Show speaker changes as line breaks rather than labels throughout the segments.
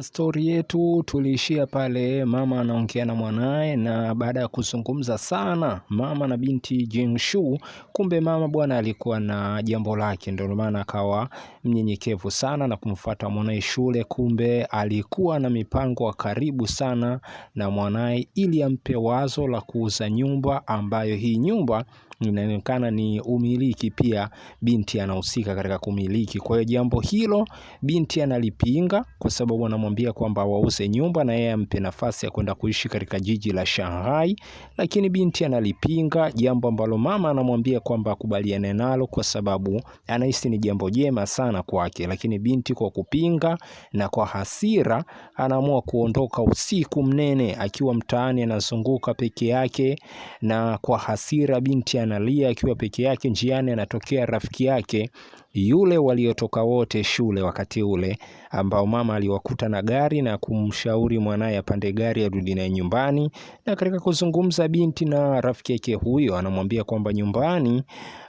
Stori yetu tuliishia pale mama anaongea na mwanaye, na baada ya kuzungumza sana mama na binti Jingshu, kumbe mama bwana alikuwa na jambo lake, ndio maana akawa mnyenyekevu sana na kumfuata mwanaye shule. Kumbe alikuwa na mipango wa karibu sana na mwanaye, ili ampe wazo la kuuza nyumba, ambayo hii nyumba inaonekana ni umiliki pia, binti anahusika katika kumiliki. Kwa hiyo jambo hilo binti analipinga kwa sababu anamwambia kwamba awauze nyumba na yeye ampe nafasi ya kwenda kuishi katika jiji la Shanghai, lakini binti analipinga, jambo ambalo mama anamwambia kwamba akubaliane nalo kwa sababu anahisi ni jambo jema sana kwake. Lakini binti kwa kupinga na kwa hasira anaamua kuondoka usiku mnene, akiwa mtaani anazunguka peke yake, na kwa hasira binti analia akiwa peke yake. Njiani anatokea rafiki yake yule waliotoka wote shule wakati ule ambao mama aliwakuta na gari na kumshauri mwanaye apande gari arudi naye nyumbani. Na katika kuzungumza, binti na rafiki yake huyo anamwambia kwamba nyumbani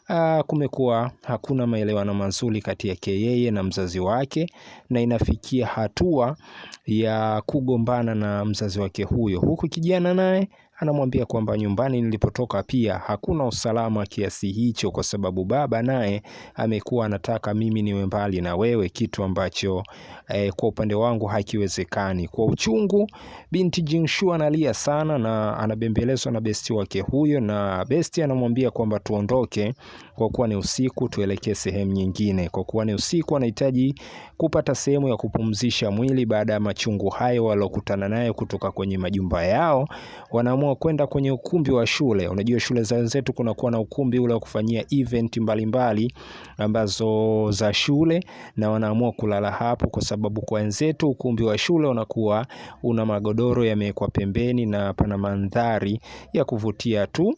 ah, kumekuwa hakuna maelewano mazuri kati yake yeye na mzazi wake, na inafikia hatua ya kugombana na mzazi wake huyo, huku kijana naye anamwambia kwamba nyumbani nilipotoka pia hakuna usalama kiasi hicho, kwa sababu baba naye amekuwa anataka mimi niwe mbali na wewe, kitu ambacho eh, kwa upande wangu hakiwezekani. Kwa uchungu, binti Jinshu analia sana na anabembelezwa na besti wake huyo, na besti anamwambia kwamba tuondoke, kwa kuwa ni usiku, tuelekee sehemu nyingine, kwa kuwa ni usiku, anahitaji kupata sehemu ya kupumzisha mwili baada ya machungu hayo walokutana nayo kutoka kwenye majumba yao. Wanaamua wa kwenda kwenye ukumbi wa shule. Unajua shule za wenzetu kunakuwa na ukumbi ule wa kufanyia event mbalimbali ambazo za shule, na wanaamua kulala hapo, kwa sababu kwa wenzetu ukumbi wa shule unakuwa una magodoro yamewekwa pembeni na pana mandhari ya kuvutia tu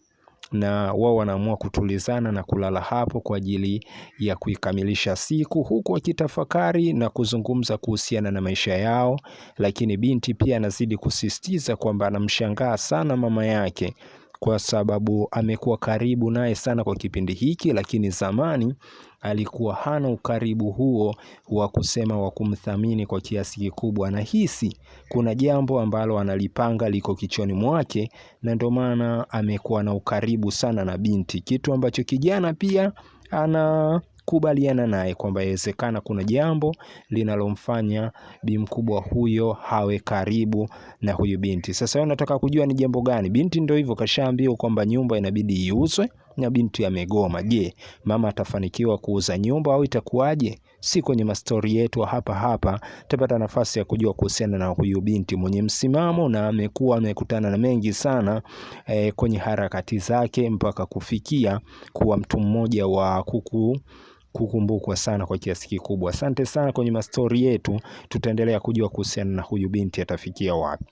na wao wanaamua kutulizana na kulala hapo kwa ajili ya kuikamilisha siku, huku wakitafakari na kuzungumza kuhusiana na maisha yao. Lakini binti pia anazidi kusisitiza kwamba anamshangaa sana mama yake kwa sababu amekuwa karibu naye sana kwa kipindi hiki, lakini zamani alikuwa hana ukaribu huo wa kusema wa kumthamini kwa kiasi kikubwa. Anahisi kuna jambo ambalo analipanga liko kichwani mwake, na ndio maana amekuwa na ukaribu sana na binti, kitu ambacho kijana pia ana kubaliana naye kwamba inawezekana kuna jambo linalomfanya bi mkubwa huyo hawe karibu na huyu binti. Sasa wewe unataka kujua ni jambo gani? Binti ndio hivyo, kashaambiwa kwamba nyumba inabidi iuzwe na binti amegoma. Je, mama atafanikiwa kuuza nyumba au itakuwaje? Si kwenye mastori yetu hapa hapa tapata nafasi ya kujua kuhusiana na huyu binti mwenye msimamo na amekuwa amekutana na mengi sana eh, kwenye harakati zake mpaka kufikia kuwa mtu mmoja wa kuku kukumbukwa sana kwa kiasi kikubwa. Asante sana. Kwenye mastori yetu tutaendelea kujua kuhusiana na huyu binti atafikia wapi.